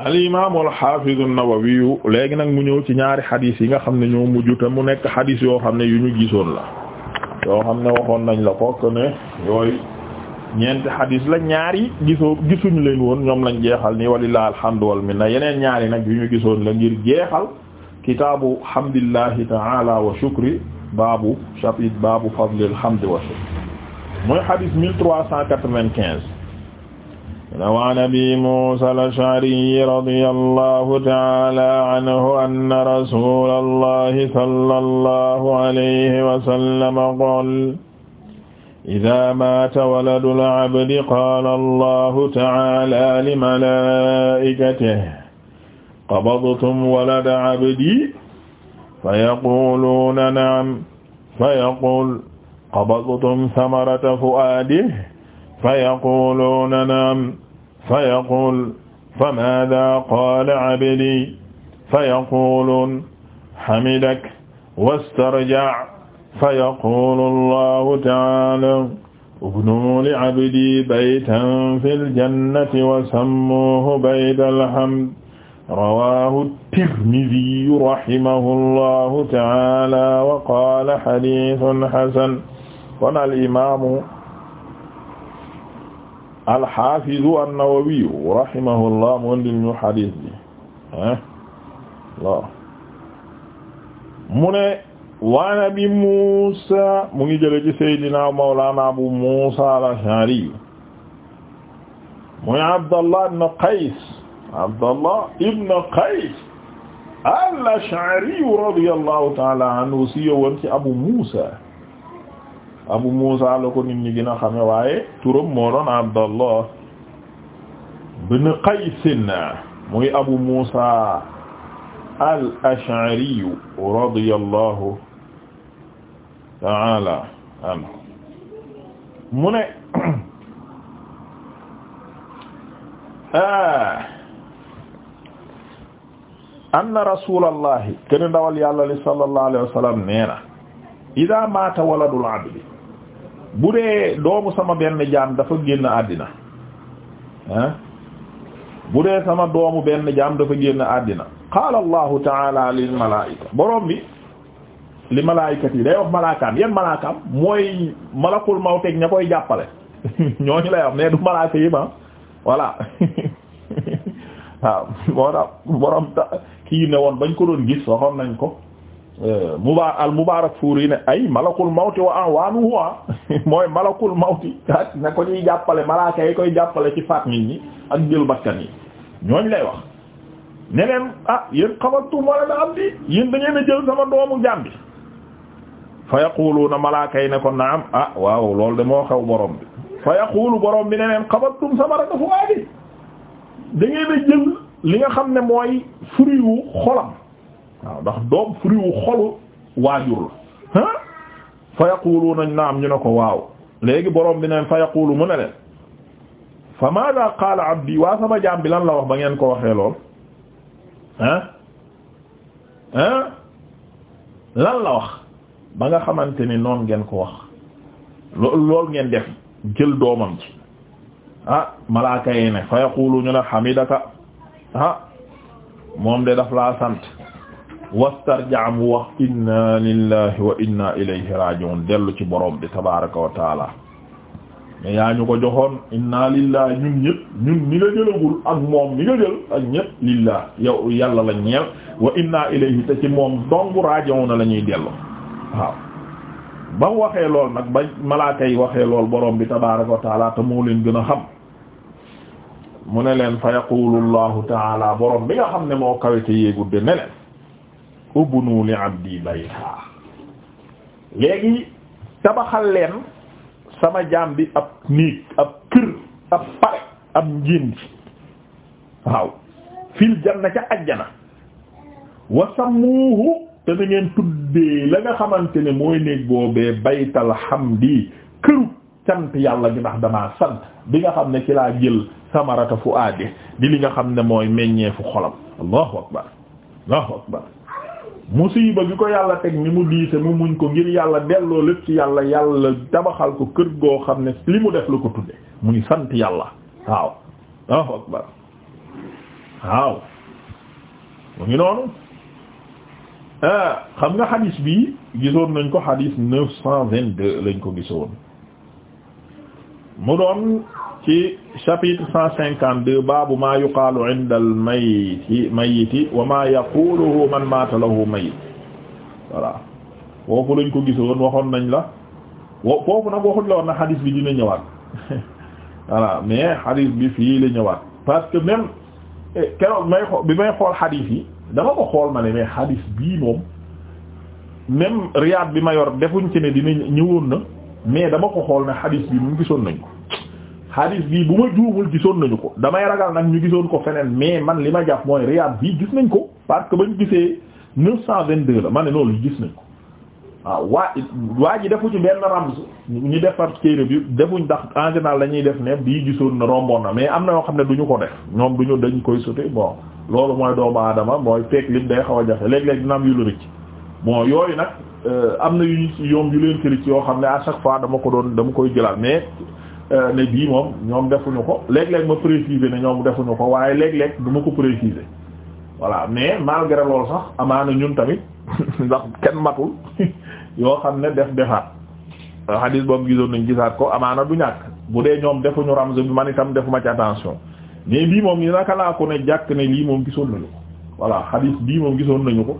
al imaam al xaafiz an-Nawawi léegi nag mu ñëw ci ñaari xadis yi nga xam ne ñoo mujj te mu nekk xadis yoo xam ne yu ñu gisoon la yoo xam ne waxoon nañ la ko que ne yooyu ñeenti xadis la ñaari gisoo gisuñu leen woon ñoom lañ jeexal ni walillahi alhamdu wal minna yeneen ñaari nag yu ñu gisoon la ngir jeexal kitaabu hamdillahi ta'ala wa shukri baabu chapitre baabu fadlil hamdi wa shukri mooy xadis 1395. rawaan abi muusa al-ash'ari radiyallahu ta'ala anhu anna rasulallahi sallallahu alayhi wa sallam qaala idaa maata waladul abdi qaala allahu ta'ala li malaa'ikatihi qabadtum walada abdi fayaquuluuna na'am fayaquulu qabadtum samarata fu'aadihi fa yaquluuna naam fa yaqul fa maada qaala abdi fa yaquluun hamidak wastarja' fa yaqulu allahu taala ubnuu li abdi baytan fi ljannati wa sammuuhu bayta alhamd rawaahu tirmiziyu rahimahu allahu taala wa qaala hadiisun hasan kon al imaamu alxafidu annawawiyu rahimahullah mu andil ñu xadis bi ah mu ne waan abi Muusa mu ngi jële ci Seydina Mawlana Abu Muusa al-Ash'ari muy Abdallah ibn Qays Abdallah ibn Qays al-Ash'ari radiyallahu ta'ala anhu siiwoon ci Abu Muusa Abu Muusa la ko nit ñi gën a xame waaye turam moo doon Abdallah bin Qays muy Abu Muusa al-Ash'ari radiyallahu ta'ala anhu mu ne anna rasulallahi kenn dawal yàlla li sallallahu alayhi wa sallam nee na idaa maata waladul bu dee doomu sama benn jaam dafa génn àddina ah bu dee sama doomu benn jaam dafa génn àddina qaala allahu taala lil malaayika borom bi li malaayikat yi day wax malaakaam yan malaakaam mooy malakul mawteeg ña koy jàppale ñooñu lay am mais du malaaka yi ma ah. voilà waaw moo borom ta kii ne woon bañ ko doon gis waxoon nañ ko Euh, muba al mubarak fuuri ne ay malakul mawti wa awaanuhu ah. mooy malakul mawti ak ko ñuy jàppale malaka yi koy jàppale ci faat nit ñi ak jël bakkan yi ñooñ lay wax ne leen ah yéen xamaltum wala na am di yéen da ngeen jël sama doomu jàmbi fa na malaaka yi ne ko naam ah waaw loolu de moo xew borom bi fa yaqulu borom bi ne leen xamaltum samarata fuaadi da ngeen a jël li nga xam ne mooy fruit wu xolam waaw ndax doom fruit xolu waajur la ah fa yaquluuna naam ñu ne ko waaw léegi boroom bi neen fa yaqulu mu ne leen fa maada qaala abdi waa sama jaam bi lan la wax ba ngeen ko waxee lool ah ah lan la wax ba nga xamante ni noon ngeen ko wax lool lool ngeen def jël doomam ci ah malaaka yi ne fa yaqulu ñu ne xamidaka ah moom de daf laa sant wastarjaa mu wax inna lillahi wa inna ilayhi raji'un dellu ci borom bi tabaraka wa taala mais yaa ñu ko joxoon inna lillahi ñun ñëpp ñun ni nga jëlagul ak moom ni nga jël ak ñëpp lillah yow yàlla la ñeel wa inna ilayhi te ci moom dong raji'un na la dellu waaw ba mu lool nag ba malaaka waxe lool borom bi tabaraka wa taala te moo leen gën a xam mu ne leen fa yaqulu allahu taala borom bi nga xam ne moo kawite yéegudde ne leen ubnu li abdi bayta léegi tabaxal leen sama jaam bi ab néeg ab kër ab pare ab njiin waaw fil janna ca ajjana wa sammuuhu te na ngeen tuddee la nga xamante ne mooy néeg boobee baytal hamdi këru sant yàlla gi ndax damaa sant bi nga xam ne ci laa jël samarata fu aade di li nga xam ne mooy meññeefu xolam allahu akbar allahu akbar mu musiba bi ko yàlla teg ni mu diise mu muñ ko ngir yàlla delloo lépp ci yàlla yàlla tabaxal ko kër goo xam ne li mu def la ko tudde muy sant yàlla waaw Allahu akbar waaw mu ngi noonu ah, xam nga xadiis bi gisoon nañ ko xadiis neuf cent vingt-deux lañ ko gisoon mu doon ci chapitre cent cinquante de baabu maa yuqaalu inda al mayyiti mayyiti wa maa yaquluhu man maata may mayyit voilà foofu lañ ko gisoon waxoon nañ la wo foofu nag waxuñ la woon na bi dina ñëwaat voilà mais xadis bi fii la ñëwaat parce que même eh, keroog may xool bi may xool xadis yi dama ko xool ma ne mais xadis bii moom même riyaad bi ma yor defuñ ci ne dina ñëwoon na mais dama ko xool ne hadith bi mu gisoon nañu ko hadith bi bu ma juumul gisoon nañu ko damay ragal nag ñu gisoon ko feneen mais man li ma jàpp mooy Riyad bi gis nañ ko parce que ba ñu gisee neuf cent vingt-deux la ma ne loolu gis nañ ko waaw waa waa ji defu ci benn ramz ñu defar téere bi defuñ ndax en général la ñuy def ne bii gisoon na romboon na mais am na yoo xam ne du ñu ko def ñoom du ñu dañ koy sauter bon loolu mooy doomu aadama mooy fekk lim day xaw a jafe léeg-léeg dina am bon yooyu nag euh, am na yu ñu ci yoom yu leen këri ci yoo xam ne à chaque fois dama ko doon dama koy jëlaat mais euh, ne bii moom ñoom defuñu ko léeg-léeg ma préciser ne ñoom defuñu ko waaye léeg-léeg du ko préciser voilà mais malgré loolu sax amaana ñun tamit ndax kenn matul yoo xam ne def defaat euh, hadis boobu gisoon nañ gisaat ko amaana du ñàkk bu dee ñoom defuñu ramz bi man itam defuma ci attention mais bii moom ni naka laa ko ne jàkk ne lii moom gisoon na ko voilà hadis bii moom gisoon nañu ko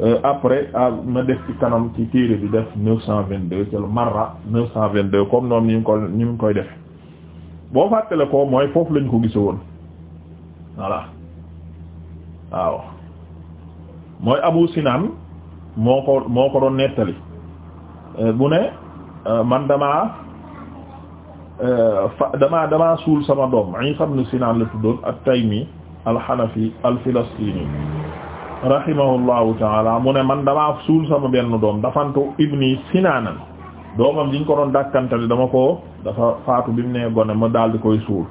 Euh, après ma def ci kanam ci téere bi def neuf cent vingt-deux ci marra neuf cent vingt-deux comme noonu ñu ko ñu ngi koy defe boo fàttale ko mooy foofu lañu ko gise woon voilà waaw mooy Abu sinaan moo ko moo ko doon nettali euh, bu ne euh, man damaa fa damaa damaa suul sama doom a Isa ibn sinaan la tuddoon ak taymi al-Hanafi al rahimahullahu taala mu ne man damaa suul sama benn doom dafantu ibni sinaanan doomam diñ ko doon dàkkantale dama ko dafa faatu bi gone ma daal di koy suul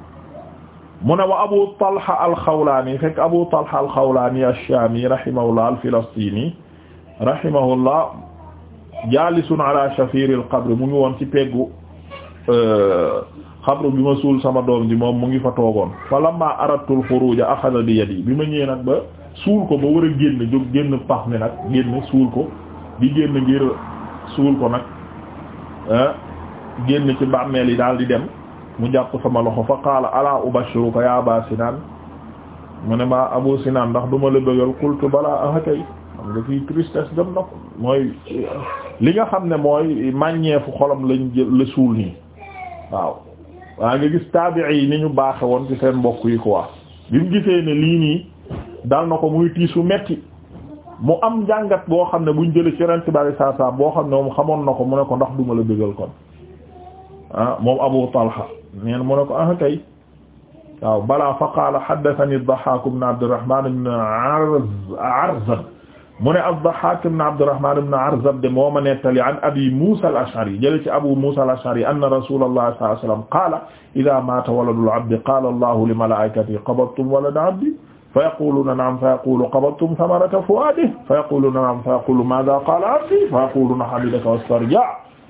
mu ne wa abu talha alxawlaani fekk abu talha alxawlaani ashaami rahimahullah alfilastini rahimahullah jaalisun ala shafiril qabri mu ngi woon ci peggu euh, xabru bi ma suul sama doom ji moom mu ngi fa toogoon fa lamma aradtu alxuruja axada bi yadi bi ma nag ba suul ko ba war a génn jóg génn pax mi nag génn suul ko di génn ngir suul ko nag ah, génn ci bàmmeel yi daal di dem mu jàpp sama loxo fa qaala ala ubashiruka ya aba sinan mu ne ma abu sinan ndax duma la bëggal qultu balaa ahakay xam nga fii tristesse dem na ko mooy li nga xam ne mooy màññeefu xolam lañ jël la suul nii waaw waa nga gis taabi'i yi ni ñu baaxe woon ci seen mbokk yi quoi bi mu gisee ne lii nii dal na ko muy tiisu metti mu am njàngat boo xam ne buñ jëlee ci rent bari saa saa boo xam ne moom xamoon na ko mu ne ko ndax duma la bëggal kon ah moom Abu Talha neen mu ne ko ah kay waaw balaa fa qaala haddathani ad-Dahhaak ibn Abdurrahmaan ibn Arzab mu ne ad-Dahhaak ibn Abdurrahmaan ibn Arzab de moo ma nettali an Abi Muusaa al-Ash'ari jëlee ci Abu Muusaa al-Ash'ari anna Rasuulallaah sallallaahu alayhi wa sallam qaala idhaa maata waladul abdi qaala Allaahu li malaa'ikatihi qabattum walada abdi fa yaquluuna naam fa yaqulu qabadtum thamarata fu'aadihi fa yaquluuna naam fa yaqulu maadhaa qaala abdii fa yaquluuna hamidaka wastarja'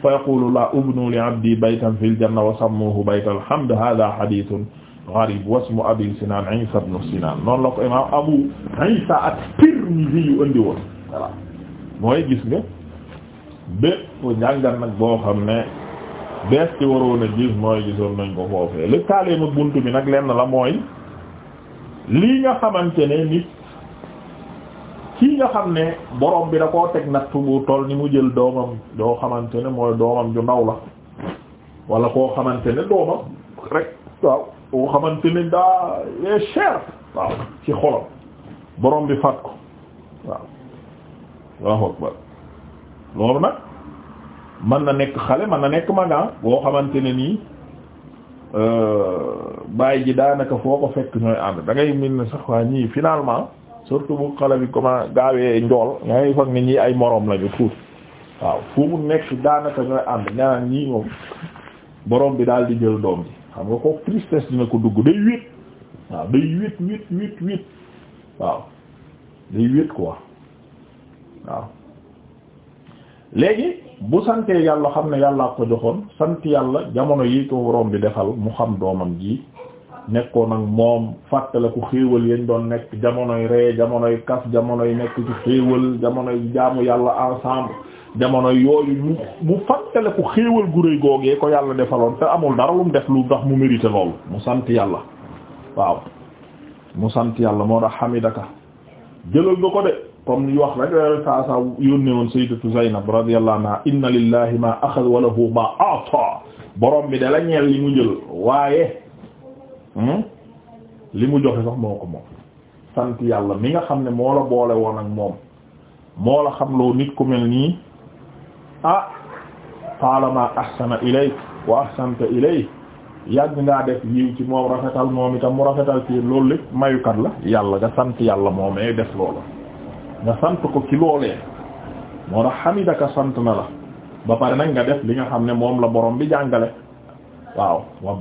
fa yaqulu laa ubnu li abdii baytan fil janna wa sammuuhu baytal hamd haadhaa hadiithun gharib wasmu abi sinan isa ibn sinan noonu la ko imam abu isa at-tirmidhi yu andi woon voilà mooy gis nga bépp njàngat nag boo xam ne bees ci waroon a gis mooy gisoon nañ ko foofee lëkkaaleem ak buntu bi nag lenn la mooy lii nga xamante ne nit kii nga xam ne borom bi da koo teg nattu bu toll ni mu jël doomam doo xamante ne mooy doomam ju ndaw la wala koo xamante ne doomam rek waaw koo xamante daa est waaw ci xolam borom bi faat ko waaw waaw loolu nag mën na nekk xale mën na nekk magan ah, boo xamante ne nii Euh, bàyyi ji daanaka foo ko fekk ñooy ànd da ngay mel sax waa ñii finalement surtout bu xale bi comment gaawee njool nga ngay foog ne ñii ay moroom lañu tuut waaw fu mu nekk daanaka ñooy ànd ñaan ñii moom borom bi daal di jël doom ji xam nga ko tristesse dina ko dugg day wéet waaw day wéet wéet wéet waaw day wéet quoi waaw léegi bu santee yàlla xam na yàllaa ko joxoon sant yàlla jamono yi ko borom bi defal mu xam doomam ji nekkoon ak moom fàttaliku xéewal yañ doon nekk jamonoy ree jamonoy kas jamonoy nekk ci xéewal jamonoy jaamu yàlla ensemble jamonoy yooyu mu mu fàttaliku xéewal gu rëy googee ko yàlla defaloon te amul dara lu mu def lu tax mu mérité loolu mu sant yàlla waaw mu sant yàlla moo tax xamidaka jëlal nga ko de comme ñu wax la yore saa saa yónnee woon sayyidatu Zaynab radiyallahu anha inna lillahi ma akhadha wa lahu ma ata borom bi dala ñeel li mu jël waaye hmm, li mu joxe sax moo ko moom sant yàlla mi nga xam ne moo la boole woon ak moom moo la xam loo nit ku mel nii ah taalama ahsana ilay wa ahsanta ilay yàgg ngaa def yiw ci moom rafetal moom itam mu rafetal ci loolu lépp mayukat la yàlla nga sant yàlla moomee def loolu nga sant ko ci loolee moo tax xamidaka sant na la ba pare nag nga def li nga xam ne moom la borom bi jàngale waaw wa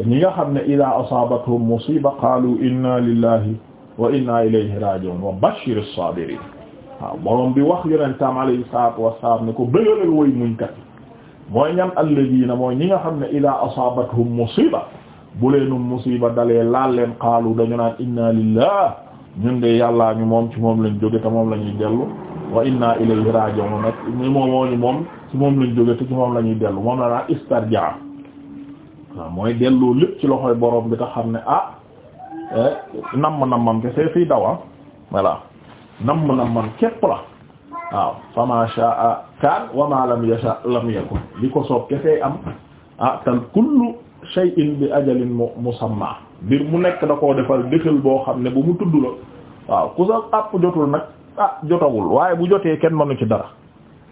ñi nga xam ne ida asabatuhum musiba qalu inna lillahi wa inna ilayhi raji'un wa bashir as-sabirin waaw borom bi wax yonentam alayhi salatu wassalam ne ko bëggalal way muñkat mooy ñam mooy ñi nga xam ne ida asabatuhum musiba bu leenum musiba dalee laal leen qaalu dañu naan inna lillahi ñun de yàllaa ñu moom ci moom lañ jóge te moom la ñuy dellu wa inna ilayhi raji'un nag moom moom lañ jóge ci moom lañuy dellu moom la naa istarja mooy delloo lépp ci loxoy borom bi te xam ne ah eh, namm nammam te see fiy dawa ah, voilà namm nammam képp la waaw fa ma sha'a kaan wa ma lam yasha lam yakun li ko soob kefee am ah tal kullu shay'in bi ajalin musamma mbir mu nekk da koo defal dëxal boo xam ne bu mu tudd la waaw ku sa àpp jotul nag ah jotawul waaye bu jotee kenn mënu ci dara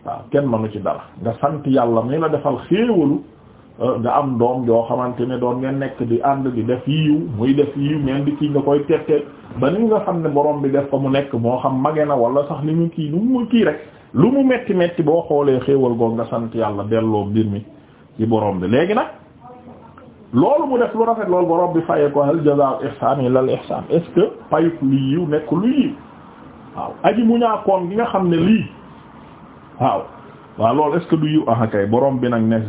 waaw kenn mënu ci dara nga sant yàlla mi la defal xéewalu euh, nga am doom joo xamante ne doon nga nekk di ànd di def yiw muy def yiw ngeen di kii nga koy tette ba ni nga xam ne borom bi def ko mu nekk moo xam mage na wala sax li ñu kii lu mu kii rek lu mu metti metti boo xoolee xéewal goo nga sant yàlla delloo mbir mi ci borom bi léegi nag loolu mu def lu rafet loolu borom bi fayee ko hal jazaa'u ihsaan illa al ihsaan est payut lu yiw nekk lu yiw waaw aji mu gi nga xam ne lii waaw waaw loolu est du yiw ah kay borom bi nag ne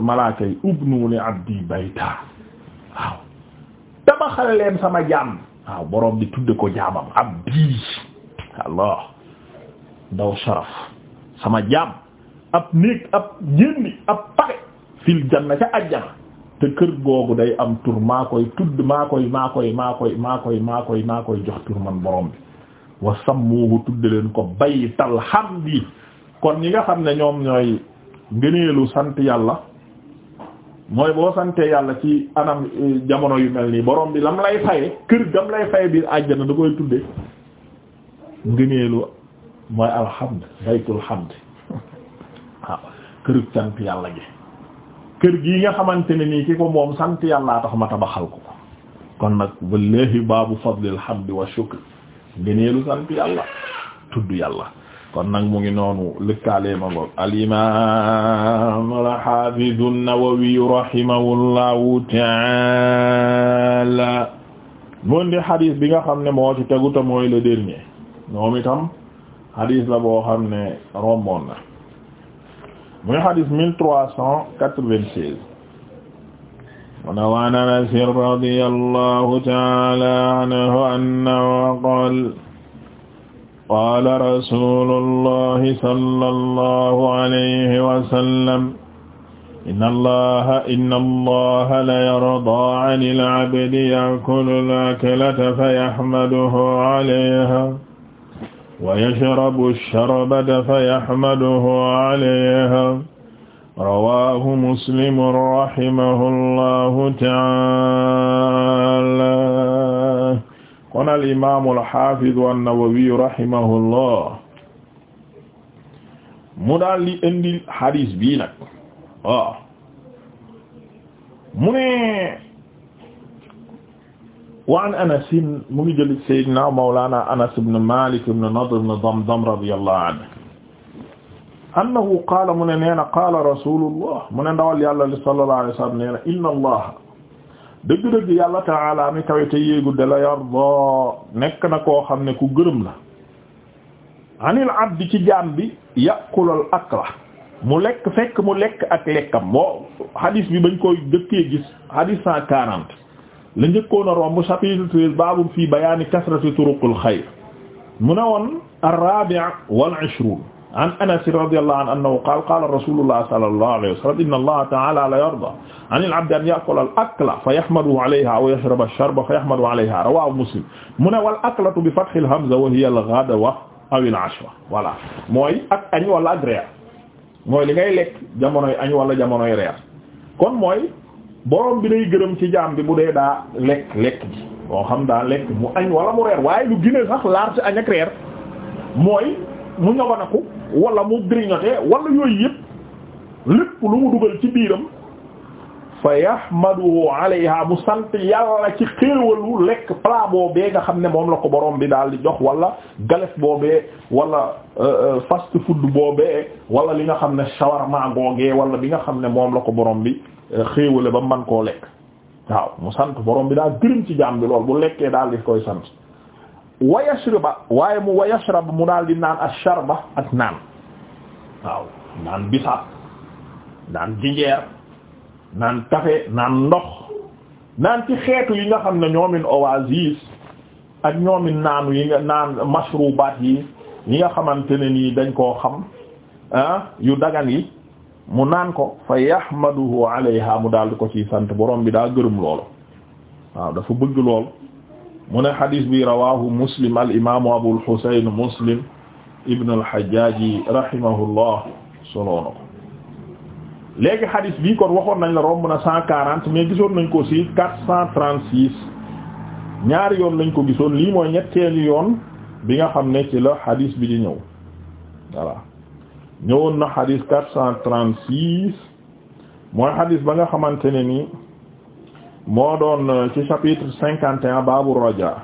malaaka yi ubnu li abdi bayta waaw tabaxal leen sama jaam waaw borom bi tudde ko jaamam abdi allah daw sharaf sama jaam ab néeg ab jénni ab pare fil janna ca ajjana te kër googu day am tur maa koy tudd maa koy maa koy maa koy maa koy maa koy maa koy jox tur man borom bi wa sammuhu tudd leen ko baytal bi kon ñi nga xam ne ñoom ñooy ngëneelu sant yàlla mooy boo sante yàlla ci anam eh, jamono yu mel nii borom bi lam lay faye kër gam lay faye biir àjjana da koy tudde ngëneelu mooy alhamd baytul hamd waaw kërug sant yàlla gi kër gii nga xamante ne nii ki ko moom sant yàllaa tax ma tabaxal ko kon nag wallahi baabu fadlil hamdi wa shukr ngëneelu sant yàlla tudd yàlla kon nag mu ngi noonu lëkkaalee ma ngoog al imam nawawi rahimahullahu ta'ala moon di bi nga xam ne moo ci teguta mooy le dernier ñoom itam xadis la boo xam ne romboon muy xadis mille trois cent quatre-vingt-seize mun a waan Anas radiyallahu ta'ala anhu annahu qaala qaala rasuulullahi sallallahu alayhi wa sallam inna allaha inna allaha la yardaa 'anil 'abdi ya'kulu al-aklata fa yahmaduhu 'alayha wa yashrabu ash-sharbata fa yahmaduhu alayha rawaahu muslim rahimahullahu ta'aala kon al imaamu al-haafiz an-Nawawi rahimahullah mu daal li indi hadiis bi nag waaw mu ne wa an Anas mu ngi jëli Seydina Mawlana Anas ibn Malik ibn Nadr ibn Damdam radiyallahu anhu annahu qaala mu ne nee na qaala rasulullah mu ne ndawal yàlla li sallallahu alayhi wa sallam nee na inna allah dëgg-dëgg yàlla ta'ala mi kawe te yéegu de la yarda nekk na koo xam ne ku gërëm la anil abdi ci jaam bi yàqulal akla mu lekk fekk mu lekk ak lekkam moo hadis bi bañ koy dëkkee gis hadis cent quarante la njëkkoon a romb chapitre treize baabum fii bayaani kasrati turuqil xayr mu ne woon ar-raabi' wal ishruun an anas radiyallahu anhu annahu qaala qaala rasuulullah sallallahu alayhi wa sallam inna allaha ta'aala la yardaa an al-'abdi an ya'kula al-akla fa yahmaduhu 'alayha wa yashraba ash-sharba fa yahmaduhu 'alayha rawaahu muslim mu ne wal aklatu bi fathi al-hamza wa hiya al-ghadwa aw al-'ashwa voilà mooy ak añ wala ak reer mooy li ngay lekk jamonoy añ wala jamonoy reer kon mooy boroom bi day gërëm ci jaam bi bu dee daa lekk lekk bi boo xam daa lekk mu añ wala mu reer waaye lu gën a sax large añ ak reer mooy mu ñoganaku wala mu grignoter wala yooyu yëpp lépp lu mu dugal ci biiram fa yahmaduhu alayha mu sant yàlla ci xéewalu lekk plat boobee nga xam ne moom la ko borom bi daal di jox wala gales boobee wala euh, euh, fast food boobee wala li nga xam ne shawarma googee wala bi nga xam ne moom la ko borom bi xéewale ba man koo lekk waaw mu sant borom bi daa gërëm ci jaam bi lool bu lekkee daal di koy sant wa yashriba waaye mu wa yashrab mu daal di naan ak sharba ak naan waaw naan bisaab naan jinjeer naan café naan ndox naan ci xeetu yi nga xam ne ñoomin oasis ak ñoomin naanu yi nga naan mashrubaat yi yi nga xamante ne nii dañ koo xam ah, yu dagan yi mu naan ko fa yahmaduhu alayha mu daal di ko ci sant borom bi daa gërëm loolu waaw dafa bëgg lool mu ne hadis bi rawahu muslim al imaamu abul husayn muslim ibn al hajjaji rahimahullah soloo na ko léegi hadis bi kon waxoon nañ la romb na cent quarante mais gisoon nañ ko si quatre cent ñaari yoon lañ ko gisoon lii mooy ñetteelu yoon bi nga xam ne ci la hadis bi di ñëw voilà ñëwoon na xadis quatre cent trente six mooy xadis ba nga xamante ne ni moo doon euh, ci chapitre cinquante et un baabu raja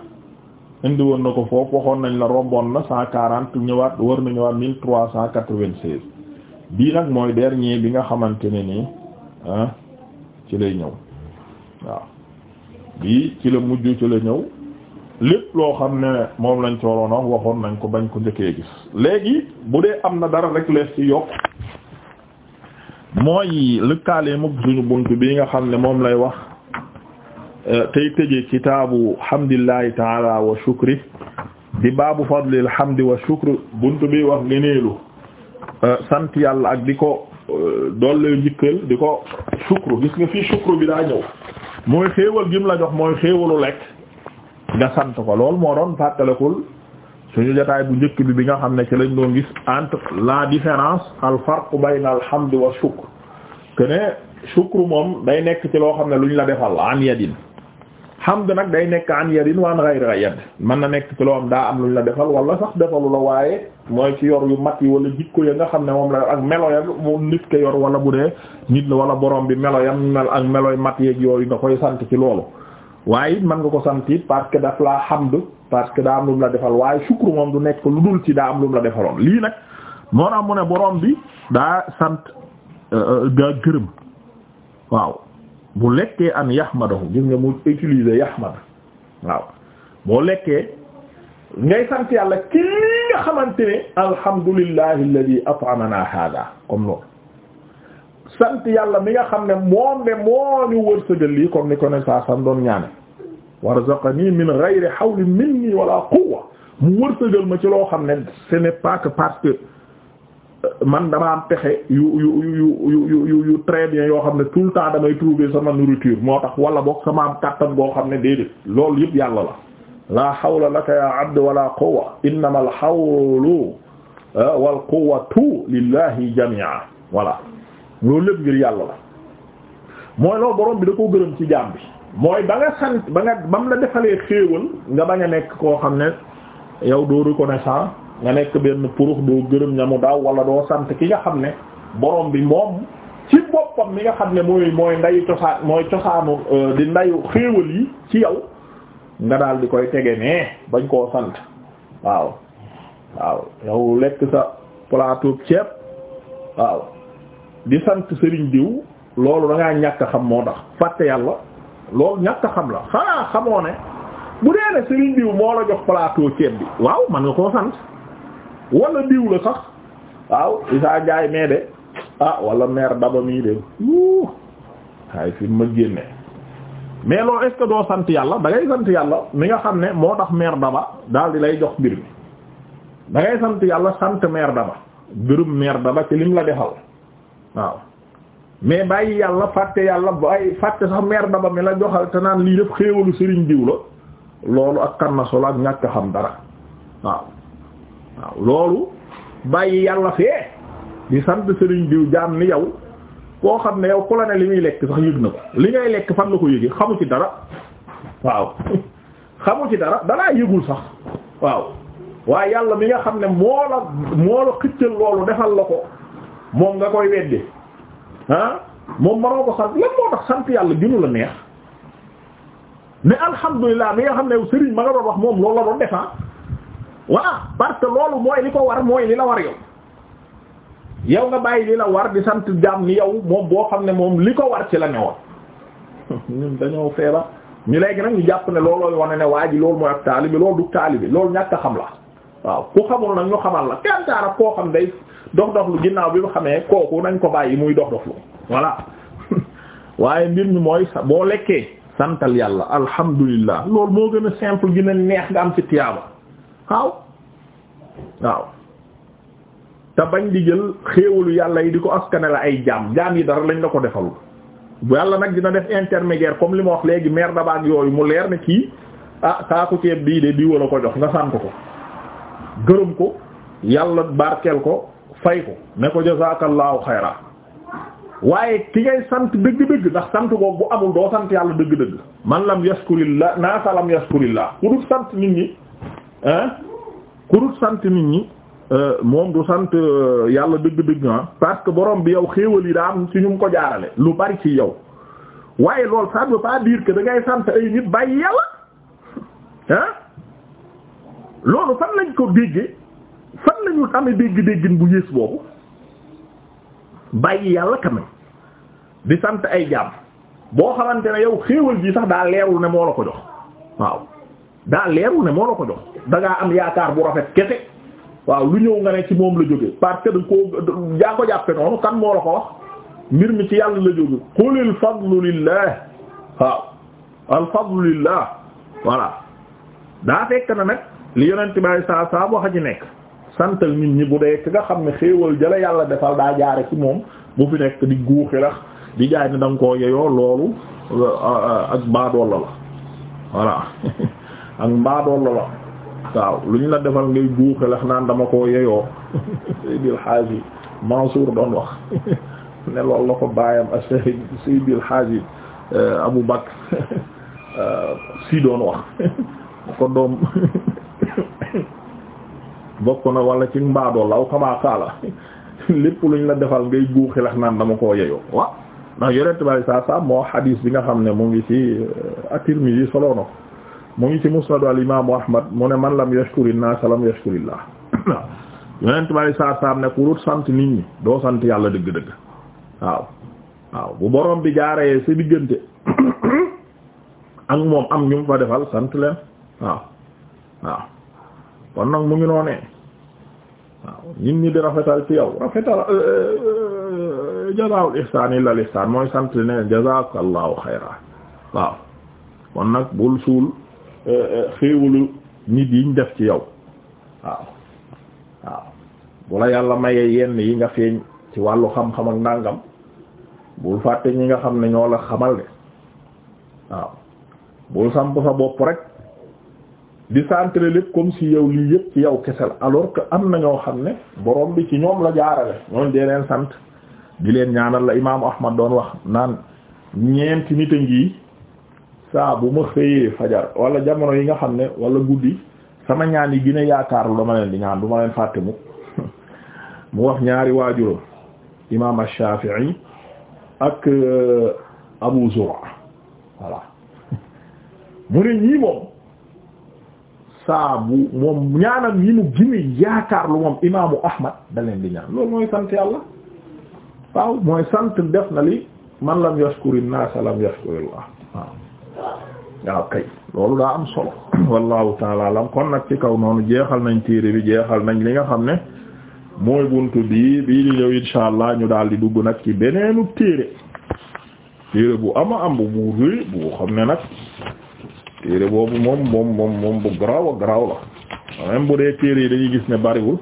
indi woon na ko foofu waxoon nañ la romboon na cent quarante ñëwaat war na ñëwaat mille trois cent quatre-vingt-seize bii nag mooy dernier bi nga xamante ne ni ci lay ñëw waaw bii ci la mujj ci la ñëw lépp loo xam ne moom lañ ci waroon wax waxoon nañ ko bañ ko njëkkee gis léegi bu dee am na dara rek lees ci yokk mooy lëkkaale mug suñu bunt bi nga xam ne moom lay wax euh, tey tëje kitaabu hamdillahi taala wa shukri di baabu fadlil hamdi wa shukri bunt bi wax ngeneelu euh, sant yàlla ak di ko euh, doollee njikkal di ko shukru gis nga fii shukru bi daa ñëw mooy xéewal gim la jox mooy xéewalu lekk nga sant ko loolu moo doon fàttalikul suñu jotaay bu njëkk bi bi nga xam ne ci lañ doon gis entre la différence al farq bayna al hamd wa shukr que ne shukr moom day nekk ci loo xam ne lu ñu la defal an yadin hamd nag day nekk an yadin wa an ghayri yad mën na nekk ci loo xam daa am luñ la defal wala sax defalu la waaye mooy ci yor yu mat yi wala jikko ya nga xam ne moom la ak melo ya mu nit ke yor wala bu dee nit la wala borom bi melo yam mel ak meloy mat yeeg yooyu nga koy sant ci loolu waaye it mën nga ko sant parce que daf laa xamd parce que daa am lu mu la defal waaye shukru moom du nekk lu dul ci daa am lu mu la defaloon lii nag moo tax mu ne boroom bi daa sant euh, euh, daa gërëm waaw bu lekkee an yahmadahu gis nga mu utiliser yahmad waaw boo lekkee ngay sant yàlla ki li nga xamante ne alhamdulillahi alladhi at'amana hada comme loolu sant yàlla mi nga xam ne moom de moo ñu wërsëgal lii kom ni ko ne saa sam doon ñaane warzaqani min ghayri hawlin minni wala quwwa mu wërsëgal ma ci loo xam ne ce n'est pas que euh, man dama am pexe yu yu yu bien yoo xam ne tout le temps damay trouver sama nourriture moo tax wala boog sama am kàttan xam ne déedéet loolu yëpp yàlla la laa hawla laka ya abd wala quwwa innama al hawlu euh, wal quwwatu lillahi jami'a voilà loolu lépp ngir yàlla la mooy loolu borom bi da koo gërëm ci jaam bi mooy ba nga sant ba nga ba mu la defalee xéewal nga bañ a nekk koo xam ne yow doo reconnaissant nga nekk benn purux doo gërëm ñamu daaw wala doo sant ki nga xam ne borom bi moom ci boppam mi nga xam ne mooy mooy ndayu cosaan mooy cosaanu euh, di ndayu xéewal yi ci yow nga daal di koy tege nee bañ koo sant waaw waaw yow lekk sa plateau ceeb waaw di sant sëriñ diw loolu da ñàkk xam moo tax fàtte yàlla loolu ñàkk xam la xanaa xamoo ne bu dee ne sëriñ bi waaw man nga koo sant wala diw la sax waaw Issa Ndiaye mais de ah wala mère Daba mii de wuu waaye fi ma génne mais loolu est ce doo sant yàlla da sant yàlla mi nga xam ne moo tax mère Daba daal di lay jox mbir mi da ngay sant yàlla sant mère Daba gërëm mère Daba ci lim la defal. waaw mais bàyyi yàlla fàtte yàlla bàyyi fàtte sax meer daba mi la joxal te naan lii def xéewalu sëriñ diw la loolu ak kannasolo ak ñàkk xam dara waaw waaw loolu bàyyi yàlla fee di sant sëriñ diw jaam li yow koo xam ne yow ku la ne li muy lekk sax yëg na ko li ngay lekk fan la ko yëgee xamu ci dara waaw xamu ci dara dalaa yëgul sax waaw waaye yàlla mi nga xam ne moo la moo la xëccal loolu defal la ko moom nga koy weddi ah moom manoo ko sant lan moo tax sant yàlla ginu la neex mais alhamdulilah mi nga xam ne Serigne ma nga doon wax moom loolu la doon defar ah. voilà parce que loolu mooy li ko war mooy li la war yow yow nga bàyyi li la war di sant jaam ni yow moom boo xam ne moom li ko war ci la newoon ñun dañoo feebar ñu léegi nag ñu jàpp ne loolooy wane ne waa ji loolu mooy ak taalibi loolu du taalibi loolu ñàkk xam la waaw ku xamul nag ñu xamal la kantaar ak koo xam day dox dox lu ginnaaw bi mu xamee kooku nañ ko bàyyi muy dox dox lu voilà waaye mbir mi mooy sa boo lekkee santal yàlla alhamdulillah loolu moo gën a simple gën a neex nga am ci tiyaaba waaw waaw te bañ di jël xéewalu yàlla yi di ko askane la ay jaam jaam yi dara lañ la ko defalul yàlla nag dina def intermédiaire comme li ma wax léegi maire dabaag yooyu mu leer ne kii ah saaku ceeb bii de di wala ko jox nga sant ko gërëm ko yàlla barkel ko fay ko ne ko jazaakallaahu xayra waaye ki ngay sant dëgg-dëgg ndax sant boobu bu amul doo sant yàlla dëgg-dëgg man lam yaskurillah naasa lam yaskurillah ku dul sant nit ñi hein ku dul sant nit ñi euh, moom du sant euh, yàlla dëgg-dëgg ah parce que borom bi yow xéewal yi daa am ci ñu mu ko jaarale lu bari ci yow waaye loolu ça veut pas dire que da sant ay nit bàyyi yàlla ah loolu fan lañ ko déggee fan lañu amee dégg-déggin bu yées boobu bàyyi yàlla tamit di sant ay jaam boo xamante ne yow xéewal ji sax daa leerul ne moo la ko jox waaw daa leerul ne moo la ko jox da am yaakaar bu rafet kese waaw lu ñëw nga ne ci moom la jógee parce que da ko yaa ko jàppe noonu kan moo la ko wax mbir mi ci yàlla la jóge qulil fadlu lillah waaw al fadlu lillah li yonent baay saa saa wax ci nekk santal nit ñi bu dee ki nga xam ne xéewal jëla yàlla defal daa jaare ci moom bu fi nekk di guuxi rax di jaay ne da nga koo yeyoo loolu uh, ak mbaadolla la voilà ak mbaadolla la waaw lu ñu la defal ngay guuxi rax naan dama koo yeyoo Seydil Haaji Mansour doon wax ne loolu la ko baayam ak Seydil Haaji uh, Abu Bakr uh, si doon wax ko doom bokk na wala ci mbaadoo law kamaa kaala lépp luñ la defal ngay guuxi lax naan dama koo yeyoo waaw ndax yorent bari saa moo xadiis bi nga xam ne mu ngi ci euh, at yi solo na mu ngi ci musnadu al imaamu Ahmad mu ne man lam yashkuri naasa lam yashkurillah waaw yorent bari saa saa ne ku sant nit ñi doo sant yàlla dëgg-dëgg waaw waaw bu boroom bi jaaree si diggante ak moom am ñu mu fa defal sant leen waaw waaw kon nag mu ngi noonee waaw nit ñi di rafetal ci yow rafetal euh, euh, euh, jazaa'ul ihsaan illal ihsaan mooy sant ne jazaakallaahu xayra waaw kon nag bul suul xéewalu nit yi yiñ def ci yow waaw waaw bu la yàlla mayee yenn yi nga feeñ ci wàllu xam-xam ak ndàngam bul fàtte ñi nga xam ne ñoo la xamal de waaw bul samp sa bopp rek di centré lépp comme si yow lii yëpp ci yow kese la alors que am na ñoo xam ne boroom bi ci ñoom la jaarale ñooñ dee leen sant di leen ñaanal la imaamu ahmad doon wax naan ñeenti nit a ngi saa bu ma xëyee fajar wala jamono yi nga xam ne wala guddi sama ñaan yi gën a yaakaarul dama leen di ñaan du ma leen fàtte mukk mu wax ñaari waajuram imaam ash-Shafi'i ak euh, Abu Zur'a voilà mu ne ñii moom saabu moom ñaanam yi mu gine yaakaar lu moom imaamu ahmad da leen di ñaan loolu mooy sant yàlla waaw mooy sant def na li man lam yashkuri naas lam yashkurillah waaw waaw kay loolu daa am solo wallahu taala kon nag ci kaw noonu jeexal nañ téere bi jeexal nañ li nga xam ne mooy buntu bii bii di ñëw insha allah ñu daal di dugg nag ci beneenu téere téere bu ama am bu bu xam ne nag téere boobu moom moom moom bu garaaw a garaaw la bu dee téere yi dañuy gis ne bariwul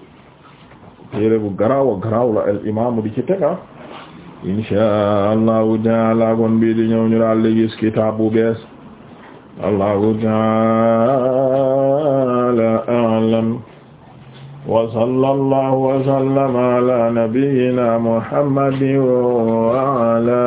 téere bu garaaw a garaaw la al imaamu di ci tega ah. insha allahu taala kon bii ñëw ñu daal di gis bu bees allahu taala a'lam wa sallallahu wa sallama ala nabiyyina muhammadin wa ala